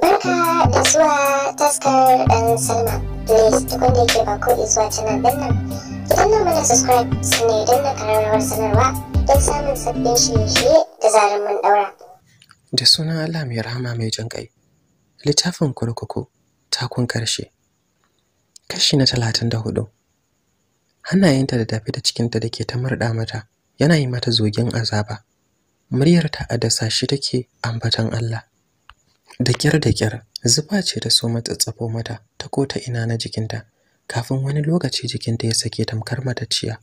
Barka da zuwa taskar ɗan Salma. Please duk wanda yake ba ko zuwa canal ɗin nan. da zarar mun ɗaura. Allah mai rahama mai jan ƙai. Littafin kurkuku takun ƙarshe. Kashi na talatin da hudu. hannayenta da tafi ta cikinta da ke ta murɗa mata yana yi mata zogin azaba muryarta a dasa shi take ambatan Allah da kyar da kyar zuba ce ta so matsatsafo mata ta kota ina na jikinta kafin wani lokaci jikinta ya sake tamkar ciya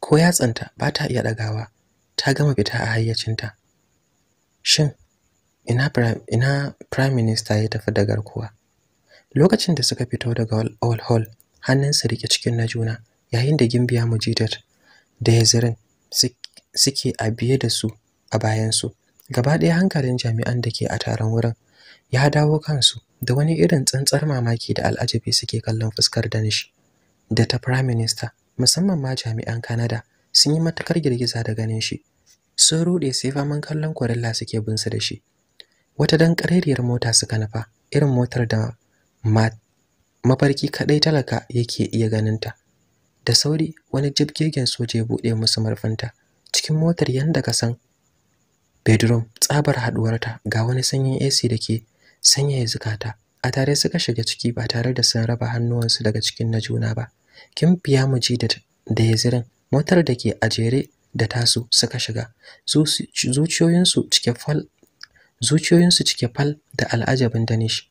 ko yatsanta ba ta iya ɗagawa ta gama fita a hayyacinta shin ina prime, ina minister ya tafi da garkuwa lokacin da suka fito daga hall hannun su rike cikin na juna yayin da gimbiya mujidar da yazirin suke a biye da su a bayansu gaba ɗaya hankalin jami'an da ke a taron wurin ya dawo kansu da wani irin tsantsar mamaki da al'ajabi suke kallon fuskar da shi. da ta prime minister musamman ma jami'an kanada sun yi matukar girgiza da ganin shi sun ruɗe sai faman kallon kwarilla suke bin su da shi wata dan ƙarerriyar mota suka nufa irin motar da mafarki kaɗai talaka yake iya ganinta da sauri wani jibgegen soja ya buɗe musu marfanta. cikin motar yanda ka san bedroom tsabar haduwarta ga wani sanyin AC da ke sanyaya zukata a tare suka shiga ciki ba tare da sun raba hannuwansu daga cikin na juna ba kin fiya mu ji da yazirin motar da ke a jere da tasu suka shiga zuciyoyinsu cike fal zuciyoyinsu cike fal da al'ajabin danish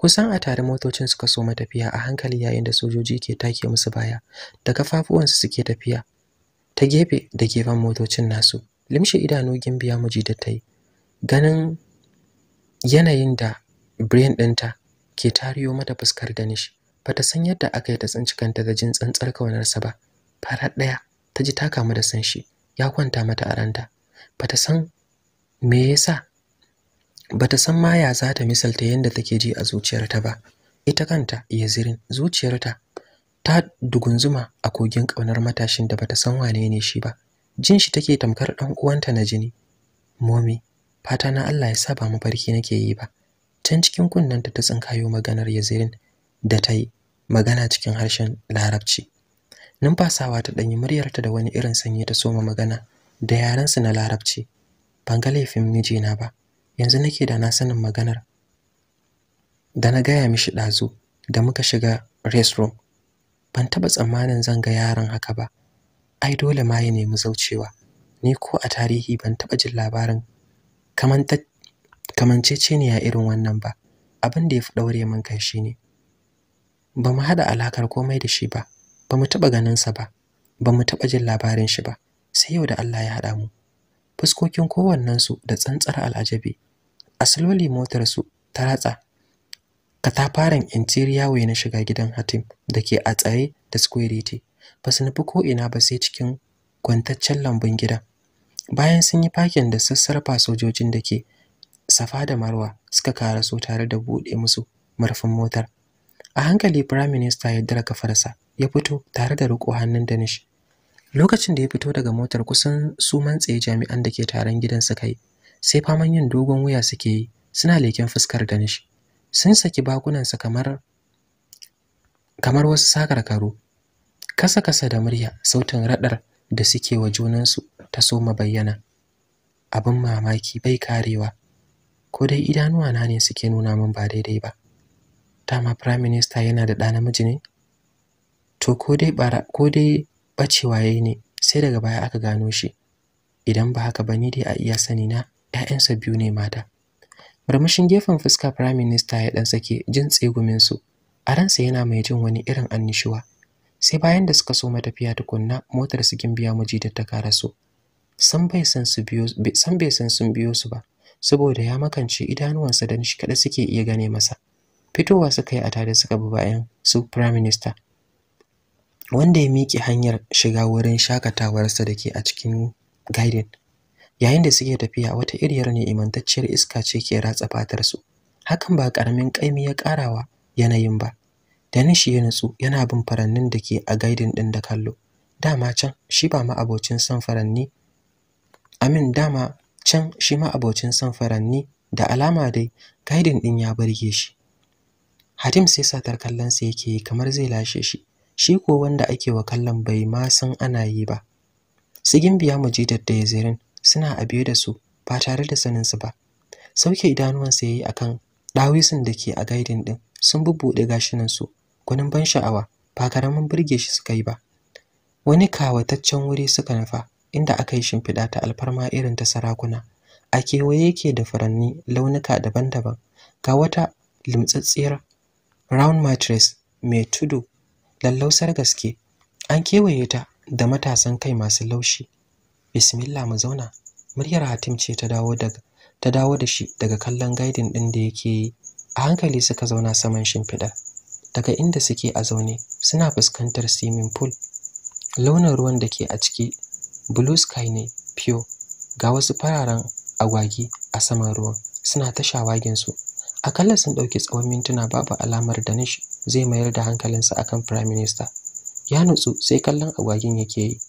kusan a tare motocin suka so tafiya a hankali yayin da sojoji ke take musu baya da kafafuwansu suke tafiya ta gefe da gefen motocin nasu limshe idanu gimbiya muji da tai ganin yanayin da brain ɗinta ke tariyo mata fuskar da nishi, ba ta san yadda aka yi ta tsinci kanta da jin tsantsar kaunarsa ba fara ɗaya ta ji ta kamu da san shi ya kwanta mata a ranta ta san me yasa bata san ma ya za ta misalta yadda take ji a zuciyarta ba ita kanta yazirin zuciyarta ta dugunzuma a kogin kaunar matashin da bata san wane ne shi ba jin shi take tamkar dan uwanta na jini momi fata na Allah ya sa ba mafarki nake yi ba can cikin kunnanta ta tsinkayo maganar yazirin da ta yi magana cikin harshen larabci numfasawa ta ɗanyi muryarta da wani irin sanyi ta soma magana da yarensu na larabci ban ga laifin mijina ba yanzu nake da na sanin maganar da na gaya mishi ɗazu da muka shiga restroom ban taɓa tsammanin zan ga yaron haka ba ai dole ma ya nemi zaucewa ni ko a tarihi ban taɓa jin labarin kamanceceniya irin wannan ba abin da ya fi ɗaure min kai shi ne ba mu haɗa alakar komai da shi ba ba mu taɓa ganinsa ba ba mu taɓa jin labarin shi ba sai yau da Allah ya haɗa mu fuskokin kowannensu da tsantsar al'ajabi a sulmuli motar su ta ratsa katafaren interior way na shiga gidan Hatim da ke a tsaye da security ba su nufi ko ina ba sai cikin kwantaccen lambun gida bayan sun yi fakin da sassarfa sojojin da ke safa da marwa suka karaso tare da buɗe musu murfin motar a hankali prime minister ya dira kafarsa ya fito tare da riko hannun danish lokacin da ya fito daga motar kusan su mantsaye jami'an da ke taron gidan suka yi sai faman yin dogon wuya suke yi suna leken fuskar shi. sun saki bakunansa kamar kamar wasu sakarkaru kasa kasa da murya sautin radar da suke wa junansu ta soma bayyana abin mamaki bai karewa ko dai idanuwa na ne suke nuna min ba daidai ba dama prime minister yana da ɗa namiji ne to ko dai bara ko dai bacewa yayi ne sai daga baya aka gano shi idan ba haka ba ni dai a iya sani na 'ya'yansa biyu ne mata murmushin gefen fuska prime minister ya ɗan sake jin tsegumin su a ransa yana mai jin wani irin annishuwa sai bayan da suka so matafiya tukunna motar su biya miji da ta karaso san bai san bai san sun biyo su ba saboda ya makance idanuwansa da shi kada suke iya gane masa fitowa suka yi a tare suka bi bayan su prime minister wanda ya miƙe hanyar shiga wurin shakatawarsa da ke a cikin gaiden yayin da suke tafiya wata iriyar ne imantacciyar iska ce ke ratsa fatar su hakan ba karamin kaimi ya karawa yanayin ba Da danishi ya nutsu yana bin farannin da ke a gaidin din da kallo dama can shi ba ma abocin san faranni amin dama can shi ma abocin san faranni da alama dai gaidin din ya burge shi Hadim sai satar kallon sa yake kamar zai lashe shi shi ko wanda ake wa kallon bai ma san ana yi ba sigin biya mujidar da yazirin suna a biye da su ba tare da saninsu ba sauke idanuwansa ya yi a kan ɗawisun da ke a gaidin ɗin sun bubbuɗe su, gwanin ban sha'awa ba karamin burge shi suka yi ba wani kawataccen wuri suka nufa inda aka yi shimfiɗa ta alfarma irin ta sarakuna a kewaye yake da furanni launuka daban-daban ga wata limtsatsiyar round mattress mai tudu lallausar gaske an kewaye ta da matasan kai masu laushi bismillah mu zauna muryar hatim ce ta dawo daga ta dawo da shi daga kallon gaidin din da yake yi a hankali suka zauna saman shimfiɗar daga inda suke a zaune suna fuskantar swimming pool launin ruwan da ke a ciki blue sky ne pure ga wasu fararen agwagi a saman ruwan suna ta A akalla sun ɗauki tsawon mintuna babu alamar danish zai mayar da hankalinsa akan prime minister ya nutsu sai kallon agwagin yake yi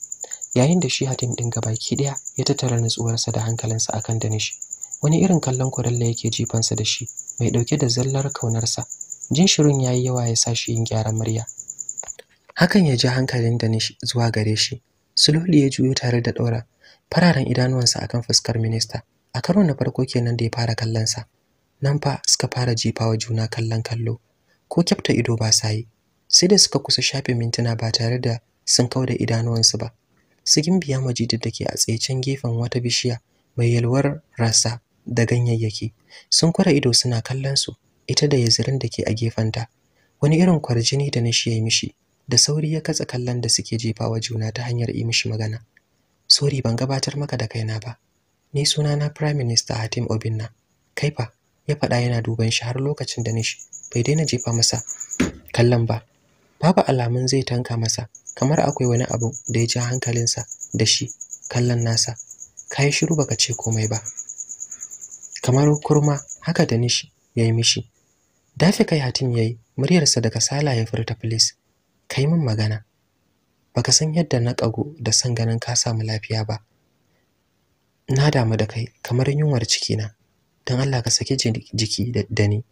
yayin da shi hatim ɗin gabaki ɗaya ya tattara nutsuwarsa da hankalinsa akan danish wani irin kallon kurella yake jifansa da shi mai ɗauke da zallar kaunarsa jin shirin yayi yawa ya sa yin gyaran murya hakan ya ji hankalin danish zuwa gare shi sulhuli ya juyo tare da ɗaura, fararen idanuwansa akan fuskar minista a karon na farko kenan da ya fara kallonsa nan fa suka fara jifawa juna kallon kallo ko kyafta ido ba sa sai da suka kusa shafe mintuna ba tare da sun kauda da idanuwansu ba su gimbiya majidi da ke a tsaye gefen wata bishiya mai yalwar rasa da ganyayyaki sun kwara ido suna kallon su ita da yazirin da ke a gefenta wani irin kwarjini da nishi ya mishi da sauri ya katsa kallon da suke jefawa juna ta hanyar yi mishi magana sori ban gabatar maka da kaina ba ni sunana prime minister hatim obinna kai fa ya faɗa yana duban shi har lokacin da nishi bai daina jefa masa kallon ba babu alamun zai tanka masa kamar akwai wani abu da ya ja hankalinsa da shi kallon nasa kai shiru baka ce komai ba kamar kurma haka da nishi ya yi mishi dafe kai hatin ya yi. muryarsa daga sala ya furta Ka kai min magana baka san yadda na kago da san ganin ka samu lafiya ba na damu da kai kamar yunwar cikina don Allah ka saki jiki da ni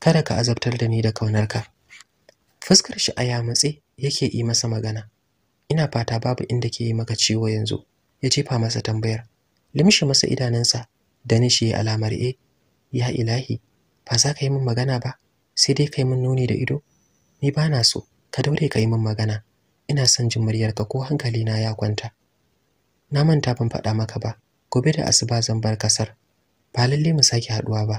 kada ka azabtar da ni da kaunarka fuskar shi a yamutse yake yi masa magana ina fata babu inda ke yi maka ciwo yanzu ya jefa masa tambayar limshi masa idanunsa da nishi ya alamar e ya ilahi ba za ka yi min magana ba sai dai ka yi min nuni da ido ni ba na so ka daure ka yi min magana ina son jin muryarka ko hankali na ya kwanta na manta ban faɗa maka ba gobe da asuba zan bar kasar ba lalle mu sake haɗuwa ba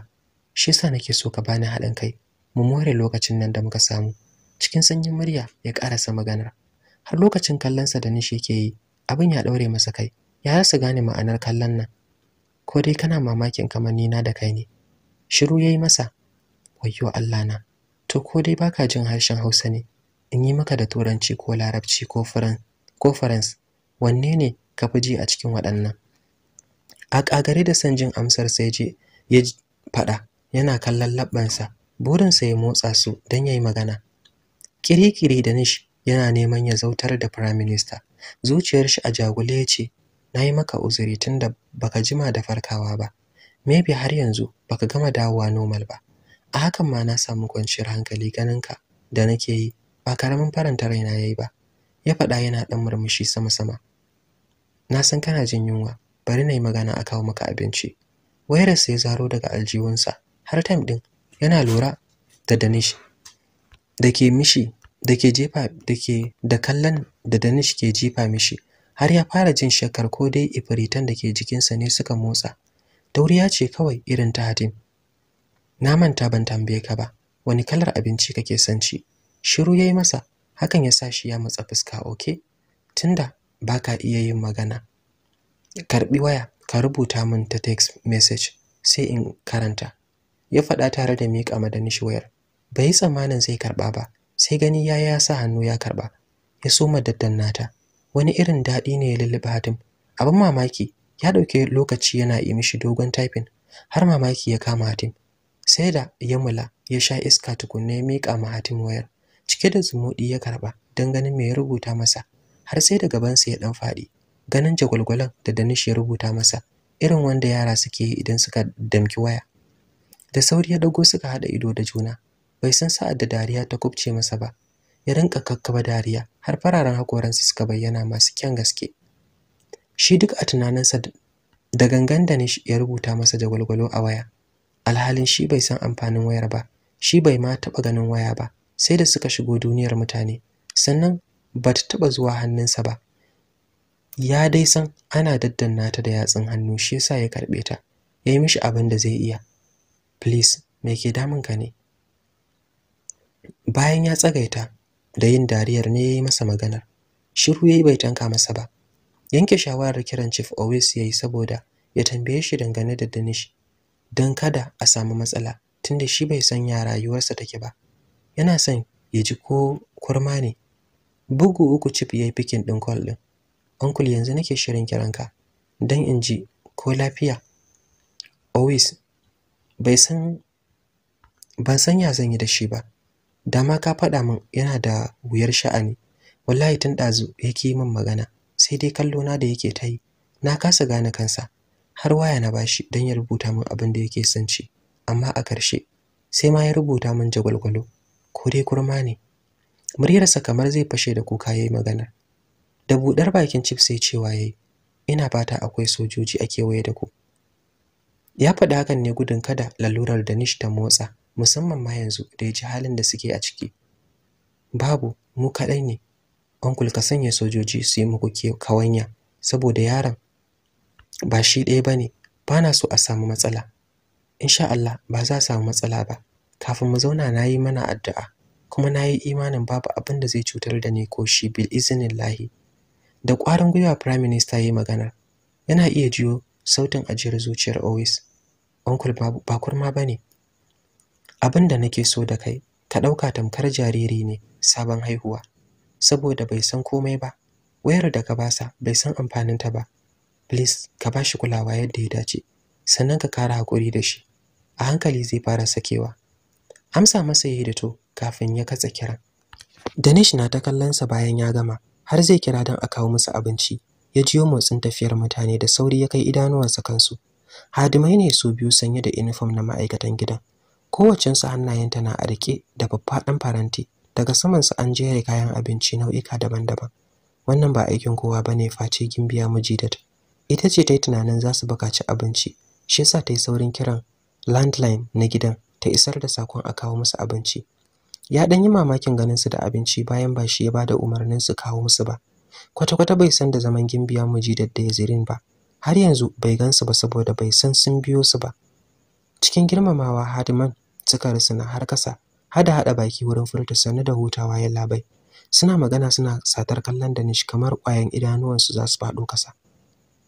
shi yasa nake so ka bani haɗin kai mu more lokacin nan da muka samu cikin sanyin murya ya karasa maganar har lokacin kallonsa da nishi yake yi abin ya daure masa kai ya rasa gane ma'anar kallon nan ko dai kana mamakin kamar nina da kai ne shiru ya yi masa wayyo Allah na to ko dai baka jin harshen Hausa ne in yi maka da turanci ko larabci ko furan ko farans wanne ne ka fi ji a cikin waɗannan a kagare da son jin amsar sai je ya faɗa yana kallon labbansa burinsa ya motsa su don ya yi magana kirikiri da nish yana neman ya zautar da prime minister zuciyar shi a jagule ya ce nayi yi maka uzuri tunda baka jima da farkawa ba maybe har yanzu baka gama dawowa normal ba a hakan ma na samu kwanciyar hankali ganin ka da nake yi ba karamin faranta raina yayi ba ya faɗa yana ɗan murmushi sama-sama na san kana jin yunwa bari na yi magana a kawo maka abinci wayarsa ya zaro daga aljihunsa har time ɗin yana lura da danish da ke mishi da jefa da da kallon da Danish ke jefa mishi har ya fara jin shakar ko dai ifiritan da ke jikinsa ne suka motsa dauriya ce kawai irin ta hadin. na manta ban tambaye ka ba wani kalar abinci kake son ci shiru yayi masa hakan ya sa shi ya matsa fuska okay. tunda baka iya yin magana karbi waya ka rubuta min ta text message sai in karanta ya faɗa tare da miƙa madanishi wayar bai yi tsammanin zai karɓa ba sai gani ya ya sa hannu ya karɓa ya soma daddan nata wani irin daɗi ne ya lulluɓe hatim abin mamaki ya ɗauke lokaci yana yi mishi dogon taifin har mamaki ya kama hatim sai da ya mula ya sha iska tukunna ya miƙa ma hatim wayar cike da zumuɗi ya karɓa don ganin me ya rubuta masa har sai da gabansa ya ɗan faɗi ganin jagwalgwalan da danish ya rubuta masa irin wanda yara suke yi idan suka damki waya da sauri ya dago suka haɗa ido da juna bai san sa'ad da dariya ta kubce masa ba ya rinka kakkaba dariya har fararen hakoransa suka bayyana masu kyan gaske shi duk a tunaninsa da gangan da ya rubuta masa da gwalgwalo a waya alhalin shi bai san amfanin wayar ba shi bai ma taɓa ganin waya ba sai da suka shigo duniyar mutane sannan ba ta taɓa zuwa hannunsa ba ya dai san ana daddanna ta da yatsun hannu shi yasa ya karɓe ta ya yi mishi abin da zai iya please me ke damun ka ne bayan ya tsagaita da yin dariyar ne ya yi masa maganar shiru ya yi bai tanka masa ba yanke shawarar kiran chief always ya yi saboda ya tambaye shi dangane da danish don kada a samu matsala tunda shi bai san ya rayuwarsa take ba yana son ya ji ko kurma ne bugu uku chief ya yi fikin ɗin kwal ɗin uncle yanzu nake shirin kiranka don in ji ko lafiya always bai san ban san ya zan yi da shi ba da ma ka faɗa min yana da wuyar sha'ani wallahi tun ɗazu yake yi min magana sai dai kallo na da yake ta yi na kasa gane kansa har waya na bashi don ya rubuta min abin da yake son ci amma a ƙarshe sai ma ya rubuta min jagwalgwalo ko dai kurma ne muryarsa kamar zai fashe da kuka ya yi magana. da buɗar bakin chips sai cewa yayi ina fata akwai sojoji a kewaye da ku ya faɗi hakan ne gudun kada lalurar da nish ta motsa musamman ma yanzu da ya ji halin da suke a ciki babu mu kaɗai ne onkul ka sanya sojoji su yi muku kawanya saboda yaron ba shi ɗaya ba ne ba na so a samu matsala insha Allah ba za a samu matsala ba kafin mu zauna na yi mana addu'a kuma na yi imanin babu abin da zai cutar da ni ko shi bil izinin lahi da ƙwarin gwiwa prime minister ya yi magana yana iya jiyo sautin ajiyar zuciyar always uncle ba kurma ba ne abin da nake so da kai ka ɗauka tamkar jariri ne sabon haihuwa saboda bai san komai ba wayar da ka basa bai san amfanin ta ba please ka ba shi kulawa yadda ya dace sannan ka kara hakuri da shi a hankali zai fara sakewa amsa masa yayi da to kafin ya katsa kiran Danish na ta kallon sa bayan ya gama har zai kira don a kawo masa abinci ya jiyo motsin tafiyar mutane da sauri ya kai idanuwansa kansu hadimai ne su biyu sanye da uniform na ma'aikatan gidan kowacensu hannayenta na a rike da faffaɗan faranti daga saman su an jere kayan abinci nau'ika daban-daban wannan ba aikin kowa ba ne face gimbiya mujidat ita ce ta yi tunanin za su bukaci abinci shi yasa ta yi saurin kiran landline na gidan ta isar da sakon a kawo musu abinci ya ɗan yi mamakin ganin su da abinci bayan ba shi ya bada umarnin su kawo musu ba kwata-kwata bai san da zaman gimbiya mujidat da yazirin ba har yanzu bai gansu ba saboda bai san sun biyo su ba cikin girmamawa hadiman suka suna har kasa hada hada baki wurin furta sanu da hutawa ya labai suna magana suna satar kallon da nishi kamar ƙwayan idanuwansu za su faɗo kasa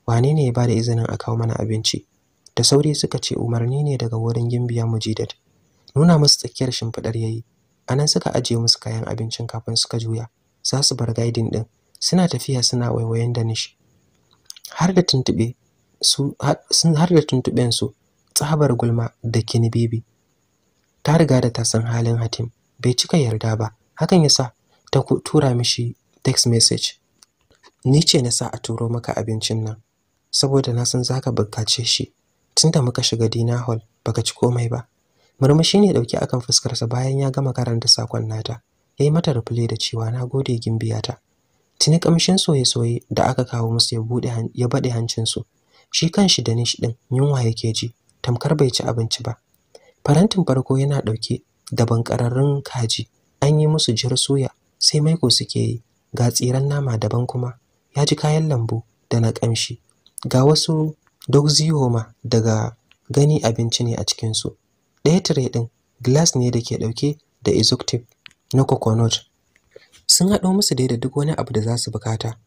wane ne ya bada izinin a kawo mana abinci da sauri suka ce umarni ne daga wurin gimbiya mujidat nuna musu tsakiyar shimfiɗar yayi a nan suka ajiye musu kayan abincin kafin suka juya za su bar gaidin ɗin suna tafiya suna waiwayen da nishi har da tuntuɓe su har da tuntuɓen su tsabar gulma da kini kinibibi ta riga da ta san halin Hatim bai cika yarda ba hakan yasa ta tura mishi text message ni ce na sa a turo maka abincin nan saboda na san zaka bukace shi tunda muka shiga dina hall baka ci komai ba murmushi ne ɗauki akan fuskarsa bayan ya gama karanta sakon nata yayi mata reply da cewa na gode gimbiya ta. tuni kamshin soye-soye da aka kawo musu ya bude ya bade hancin su shi kanshi da nishi din yunwa yake ji tamkar bai ci abinci ba farantin farko yana ɗauke da bankararrun kaji an yi musu jar soya sai maiko suke yi ga tsiran nama daban kuma ya ji kayan lambu da na ƙamshi ga wasu dogzihoma daga gani abinci ne a cikinsu ɗaya tire ɗin glass ne da ke ɗauke da exotic na coconut sun haɗo musu dai da duk wani abu da za su bukata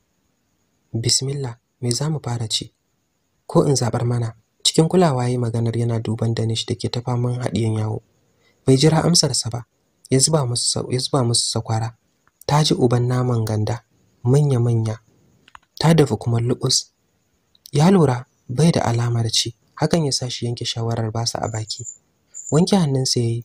bismillah me za mu fara ci ko in zaɓar mana Cikin kulawa yayi maganar yana duban Danish dake ta faman haɗiyan yawo. Bai jira amsarsa ba, ya zuba musu ya zuba musu sakwara. Ta ji uban naman ganda, manya-manya. Ta dafa kuma Lu'us. Ya lura bai da alamar ci, hakan ya sa shi yanke shawarar basa a baki. Wanke hannun sa yayi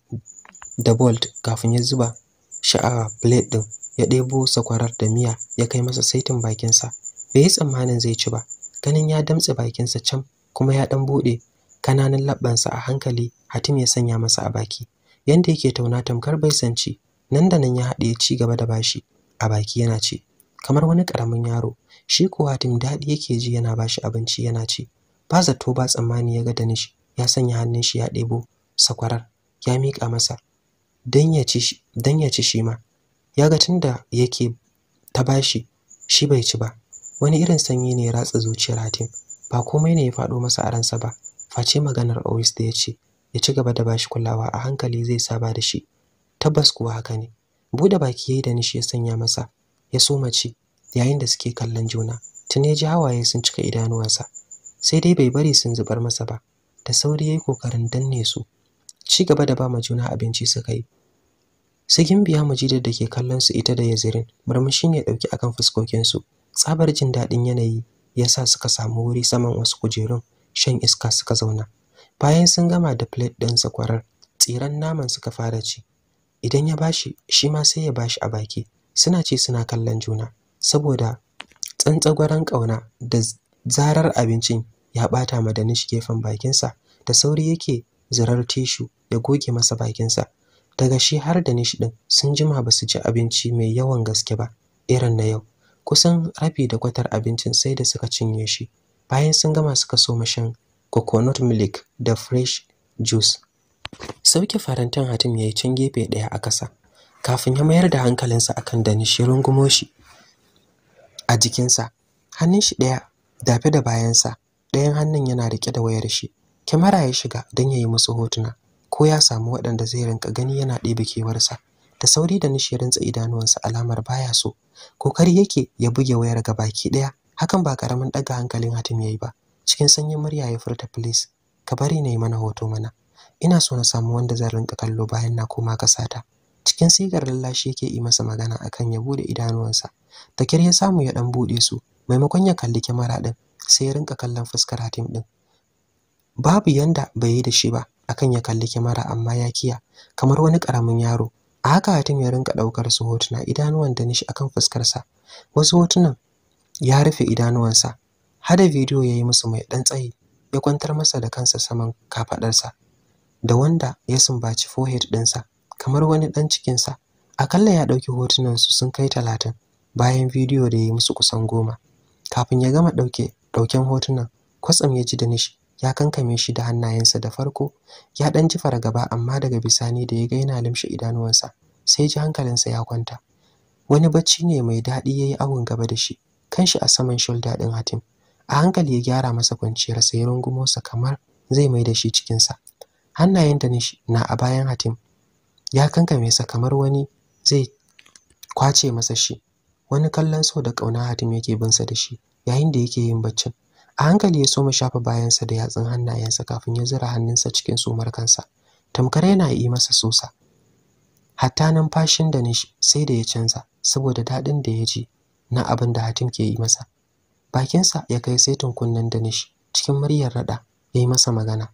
da bolt kafin ya zuba shi a plate din. Ya ɗebo sakwarar da miya ya kai masa saitin bakinsa. Bai tsammanin zai ci ba, ganin ya damtse bakinsa can kuma ya ɗan bude kananan labbansa a hankali Hatim ya sanya masa a baki yanda yake tauna tamkar bai sanci nan da nan ya haɗe ci gaba da bashi a baki yana ci kamar wani karamin yaro shi ko Hatim daɗi yake ji yana bashi abinci yana ci ba zato ba tsammani ya ga Danish ya sanya hannun shi ya ɗebo sakwarar ya mika masa dan ya ci dan ya ci shi ma ya ga tunda yake ta bashi shi bai ci ba wani irin sanyi ne ya ratsa zuciyar Hatim ba komai ne ya faɗo masa a ransa ba face maganar Owis da ya ce ya ci gaba da bashi kulawa a hankali zai saba da shi tabbas kuwa haka ne bude baki yayi da nishi ya sanya masa ya soma ci yayin da suke kallon juna tune ji hawaye sun cika idanuwansa sai dai bai bari sun zubar masa ba da sauri yayi kokarin danne su ci gaba da ba ma juna abinci suka yi Sigin biya da ke kallon su ita da Yazirin murmushin ya dauki akan fuskokin su tsabar jin dadin yanayi Yasa suka samu wuri saman wasu kujerun shan iska suka zauna bayan sun gama da plate ɗin sakwarar tsiran naman suka fara ci idan ya bashi shi ma sai ya bashi a baki suna ci suna kallon juna saboda tsantsagwaran ƙauna da zarar abincin ya ɓata ma shi gefen bakinsa da sauri yake zirar tishu ya goge masa bakinsa daga shi har da nishi din sun jima ba su ci abinci mai yawan gaske ba irin na yau kusan rabi da kwatar abincin sai da suka cinye shi bayan sun gama suka so shan coconut milk da fresh juice sauke farantin hatim ya yi can gefe ɗaya a ƙasa kafin ya mayar da hankalinsa akan shi rungumo shi a jikinsa hannun shi ɗaya dafe da bayansa ɗayan hannun yana riƙe da wayar shi kyamara ya shiga don ya yi musu hotuna ko ya samu waɗanda zai rinka gani yana ɗebe kewarsa da sauri da nishi ya rintsa idanuwansa alamar baya so kokari yake ya buge wayar gabaki daya hakan ba karamin daga hankalin Hatim yayi ba cikin sanyin murya ya furta please ka bari na yi mana hoto mana ina so na samu wanda zan rinka kallo bayan na koma kasata cikin sigar lallashi yake yi masa magana akan ya bude idanuwansa ta ya samu ya dan bude su maimakon ya kalli kyamara din sai ya rinka kallon fuskar Hatim din babu yanda bai yi da shi ba akan ya kalli kyamara amma ya kiya kamar wani karamin yaro a haka hatim ya rinka ɗaukar su hotuna idanuwan da nishi akan fuskarsa wasu hotunan ya rufe idanuwansa hada bidiyo ya yi musu mai ɗan tsayi ya kwantar masa da kansa saman kafaɗarsa da wanda ya sumbaci forehead ɗinsa kamar wani ɗan cikinsa akalla ya ɗauki hotunan su sun kai talatin bayan bidiyo da ya yi musu kusan goma kafin ya gama ɗauke ɗauken hotunan kwatsam ya ji da nishi ya kankame shi da hannayensa da farko ya dan ji fargaba amma daga bisani da ya ga yana limshe idanuwansa sai ji hankalinsa ya kwanta wani bacci ne mai daɗi ya yi awon gaba da shi kanshi a saman shoulder din Hatim a hankali ya gyara masa kwanciyar sai rungumosa kamar zai mai da shi cikinsa hannayen da na a bayan Hatim ya kankame sa kamar wani zai kwace masa shi wani kallon so da ƙauna Hatim yake binsa da shi yayin da yake yin baccin a hankali ya soma shafa bayansa da yatsun hannayensa kafin ya zura hannunsa cikin sumar kansa tamkar yana yi masa sosa hatta numfashin da nishi sai da ya canza saboda daɗin da ya ji na abin da hatim ke yi masa bakinsa ya kai sai kunnen da nishi cikin muryar raɗa ya yi masa magana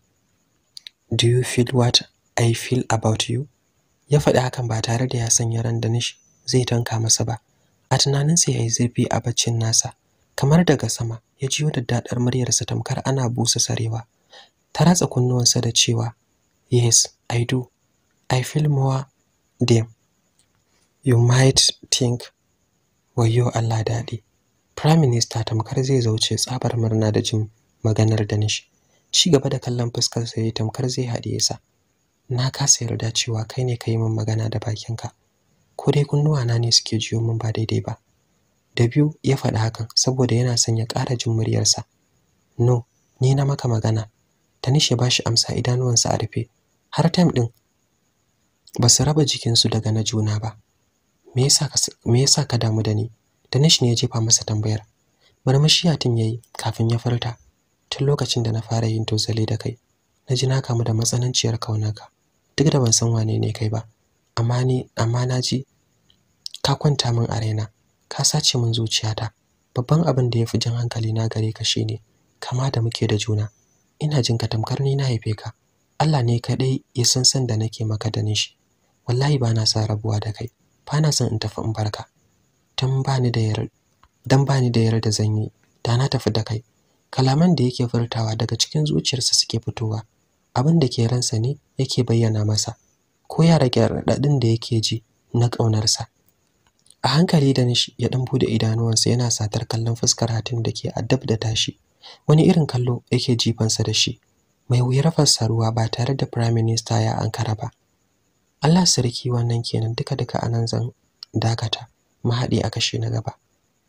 do you feel what i feel about you ya faɗi hakan ba tare da ya sanya ran da nishi zai tanka masa ba a tunaninsa ya yi zafi a baccin nasa kamar daga sama ya jiyo dadar muryarsa tamkar ana busa sarewa ta ratsa kunnuwansa da cewa yes i do i feel more dim. you might think wayo allah daɗi prime minister tamkar zai zauce tsabar murna da jin maganar danish ci gaba da kallon fuskarsa ya tamkar zai haɗiye sa na kasa yarda cewa kai ne ka yi min magana da bakinka ko dai kunnuwana ne suke jiyo min ba daidai ba da biyu ya faɗi hakan saboda yana son ya ƙara jin muryarsa no ni na maka magana tanisha ba shi amsa idanuwansa a rufe har time ɗin ba su raba jikinsu daga na juna ba me yasa ka damu da ni tanish ne ya jefa masa tambayar murmushi tun yayi kafin ya furta tun lokacin da na fara yin tozali da kai na ji na kamu da matsananciyar ka. duk da ban san wane ne kai ba amma ni amma na ji ka kwanta min a raina ka sace min zuciyata babban abin da ya fi jan hankali na gare ka shine kama da muke da juna ina jin ka tamkar ni na haife ka Allah ne kadai ya san san da nake maka da nishi wallahi ba na sa rabuwa da kai ba na son in tafi in barka tun ba da yar dan ba da yar da zan yi da na tafi da kai kalaman da yake furtawa daga cikin zuciyarsa suke fitowa abin da ke ransa ne yake bayyana masa ko ya rage raɗaɗin da yake ji na ƙaunarsa a hankali da nishi ya dan bude idanuwansa yana satar kallon fuskar da ke addab da tashi wani irin kallo yake jifansa da shi mai wuyar fassaruwa ba tare da prime minister ya ankara ba Allah sarki wannan kenan duka duka anan zan dakata mahaɗi a kashe na gaba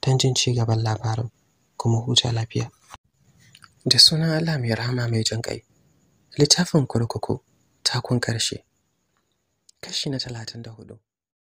tanjin ci gaban labarin kuma huta lafiya da sunan Allah mai rahama mai jin kai littafin kurkuku takun karshe kashi na 34